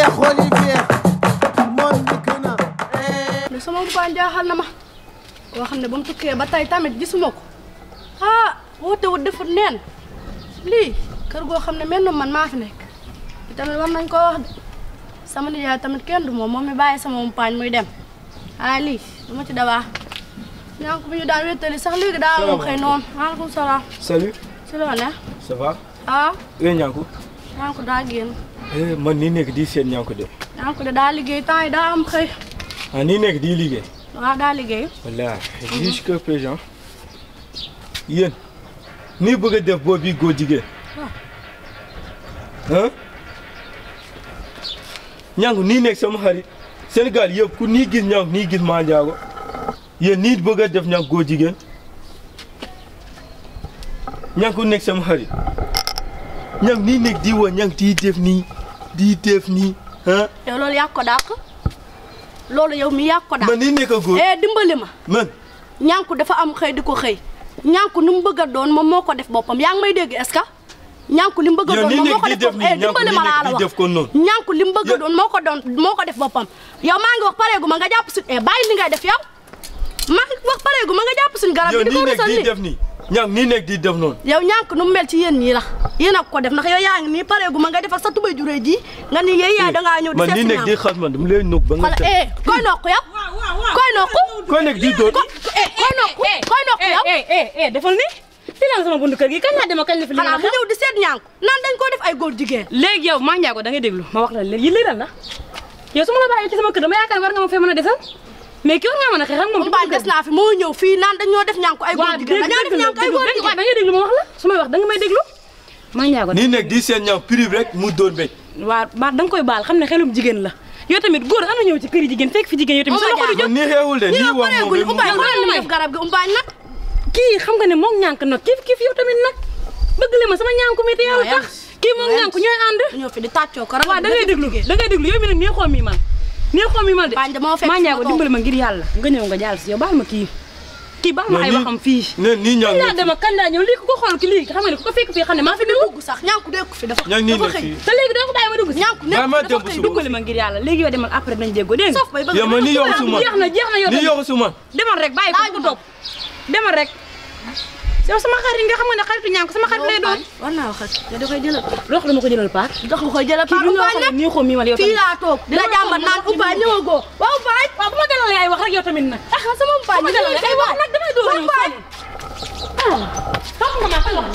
tey xool yi feex moom njëkk na. Eh, mais sama mbaa jaaxal na ma koo xam ne ba mu tukkee ba tey tamit gisuma ko ah woote wut defut neen lii kër goo xam ne mel na man maa fi nekk te tamit war nañ koo wax de sama nijaay tamit kenn du moom moom mi bàyyi sama mpaañ muy dem ah lii ma ci dabaa ñaanku bu ñu daan wéttali sax léegi daa moom xëy noonu maaleykum salaam. salut. si loo ne. ça va. ah. oui ñaanku. ñaanku daa génn. Eh, man nii nekk di seen Niankoude. Niankoude daa liggéey temps yi daa am xëy. ah nii nekk di liggéey. waaw daa liggéey. wallaahi mhm. jusqu'à présent yéen nii bëgg a def boobu góor jigéen. ah. Niankou nii nekk sama xarit Sénégal yëpp ku nii gis Niankou nii gis maa nii bëgg def Niankou góor jigéen Niankou nekk sama xarit Niankou nii nekk di woo Niankou di def nii. di teef nii ah. yow loolu yaa ko dàq loolu yow mi yaa ko dàq. man nii nekk góor eh dimbali ma. man ñànku dafa am xëy di ko xëy. ñànku nu mu bëgg a doon moom moo ko def boppam yaa ngi may dégg est que. ñànku li mu bëgg a doon moom moo ko def boppam eh dimbali ma laa la wax ñànku li mu bëgg doon moo ko doon moo ko def boppam. yow maa ngi wax pareegu ma nga jàpp suñ eh bàyyi li ngay def yow maa ngi wax pareegu ma nga jàpp suñ garab gi di ko rusal nii ñànk nii nekk di def noonu yow ñànk nu mu mel ci yéen ñii la yéen a ko def ndax yow yaa ngi nii pareegu ma ngay defar sa tubay juree ji nga ni yéen yaa dangaa ñëw di man nii nekk di xas man dama lay nokk ba nga tey eh, koy nokk yow koy nokk koy nekk di la fi xanaa ñëw di seet ñànk naan dañ koo def ay góor jigéen léegi yow maa njaago da ngay déglu ma wax la la yow su ma la bàyyi ci sama kër dama yaakaar war nga ma fee mën a defal mais ki war ngaa fi moo ñëw fii ma wax da nga may déglu. maa ngi mu dóor béy. waaw ba da koy baal xam ne xelum jigéen la yow tamit góor ana ñëw ci kër jigéen fekk fi jigéen yow tamit. Oumba nii xeewul kii xam nga moom ñànk nag kiif kiif yow tamit nag bëgg le ma sama ñànku te yàlla tax kii moom ñànk ñooy ànd. ñoo fi di tàccoo ko waaw da ngay déglu da man nii xoom yi ma de maa ñaago dimbali ma ngir yàlla nga ñëw nga jàll si yow baal ma kii kii baal ma ay waxam fii nii ñaan laa dem ak kan laa ñëw lii ku ko xool ki lii xam nga ne ku ko fekk fii ma dugg si ñaanku nekk ma rek yow sama xarit nga xam nga ne xaritu ñànk sama xarit lay doon. war naa wax ak da koy jëlal. loo xam ne ma ko jëlal Paar. dox ma koy jëlal Paar Ubbaañ nag kii bi nga fii laa toog dina jàmbat naan Ubbaañ ñëwagoo. waaw Ubbaañ waaw bu ma dalal yaay wax rek yow tamit nag. ah sama Ubbaañ ñu ngi lay wax nag damay doon. Ubbaañ ah xam nga maa ko wax.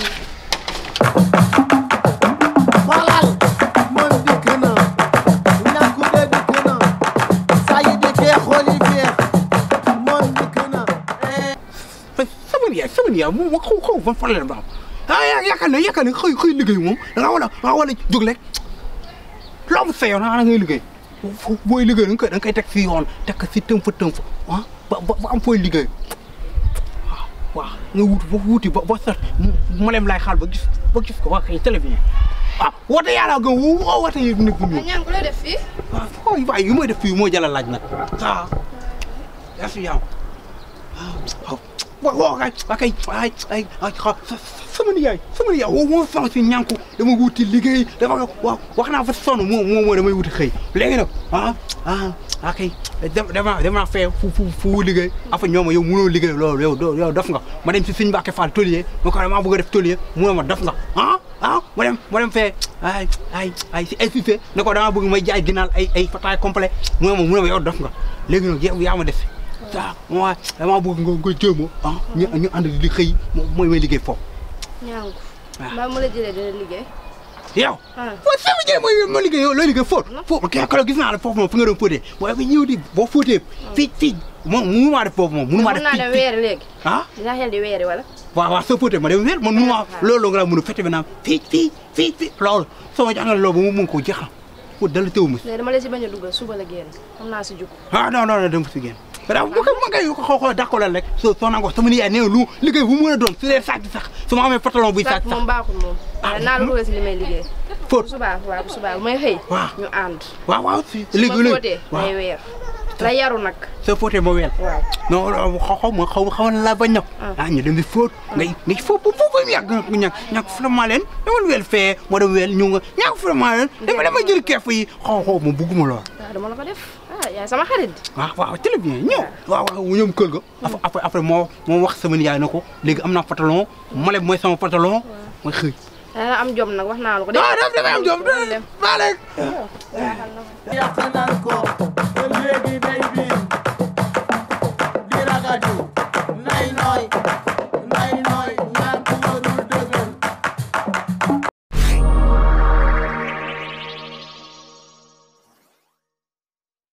yaw yow moom xaw xaw ban problème ba am ah yaakaar ne yaakaar ne xëy liggéey moom nga war a da nga war a jóg rek loo am sa yoon liggéey booy liggéey da nga koy da nga koy teg si yoon teg ko si tënk tënk ah, ba ba am fooy liggéey ah, waaw nga wut ba wuti ba ba sax mu lem xaal ba gis ba gis ko waa kay télé bi ah woote yàlla gën woo woote yi nekk bu ñëw. ñaan ku la def fii. waaw ah, waaye yu may def fii moo jëla laaj nag ah. merci waaw kay waaw kay ay ay ay sama nijaay sama nijaay woo ma sonn si ñànku dama wuti liggéey dama wax wax naa fa sonn moom moom damay wuti xëy léegi nag ah ah waaw ah, kay dama dama fee fu fu fu liggéey afa ñoom yow mënoo liggéey loolu yow yow daf nga ma dem si suñu Mbàkke Fall tôlier ma ko dama bëgg a def tôlier mu ne ma daf nga ah ah ma dem ma dem fee ay ay ay si SIP ne ko dama bëgg may jaay ginaar ay ay fataay complet mu ne ma mu ne ma yow daf nga léegi nag yow yaa ma def ah maman damaa bëgg nga nga jéem a ah ñu ñu ànd di xëy liggéey foofu. ñaanku ah. mbaa mu liggéey. yow. Ah. waaw sama njëriñ mooy mooy liggéey yow looy liggéey fóot. fóot kii keroog gis naa la foofu moom fi nga doon fóotee waaye bu ñëw di boo fóotee. Ah. fii fii moom mënu maa def foofu moom mënu maa soo fóotee ma dem weer man mënu maa loolu nga la mën a fette bi naan fii fii fii fii loolu sama jàngale loolu ba mu mën koo jeexal pour dala si bañ a dugal suba la génn xam naa si jug. ah non non non dama si génn bravo bu ko ma ngay ko xaw xaw dàqalal rek soo soo nangoo sama nijaay nee lu liggéey bu mu doon su dee sax sax su ma amee pantalon buy sax sax moom baaxul moom ah, naa la xoolal si li may liggéey fóot subaa waaw bu subaa may xëy waaw ñu weer la yaru nag soo fóotee ma weer waaw non xaw xaw ma xaw xaw la bañ nag ah. ah, ñu dem di fóot ngay ngay fóot bu fóot ba mu yàgg nag ñàkk ñàkk vraiment leen demal fee moo dem weer ñu nga ñàkk vraiment leen dama dama jël keef yi xaw xaw ma bugguma lool la ko def ah yaay sama xarit di. Ah, waaw waaw télé bien ñëw. waaw waaw ñoom kër ga. Hmm. après après moo moo wax sama nijaay na ko léegi am naa pantalon. mole mooy sama pantalon. mooy xëy. ah am jom nag wax naa la ko. waaw ah, daf dafay am jom dégg nga. yàq nan ko léegi day biir di ragaju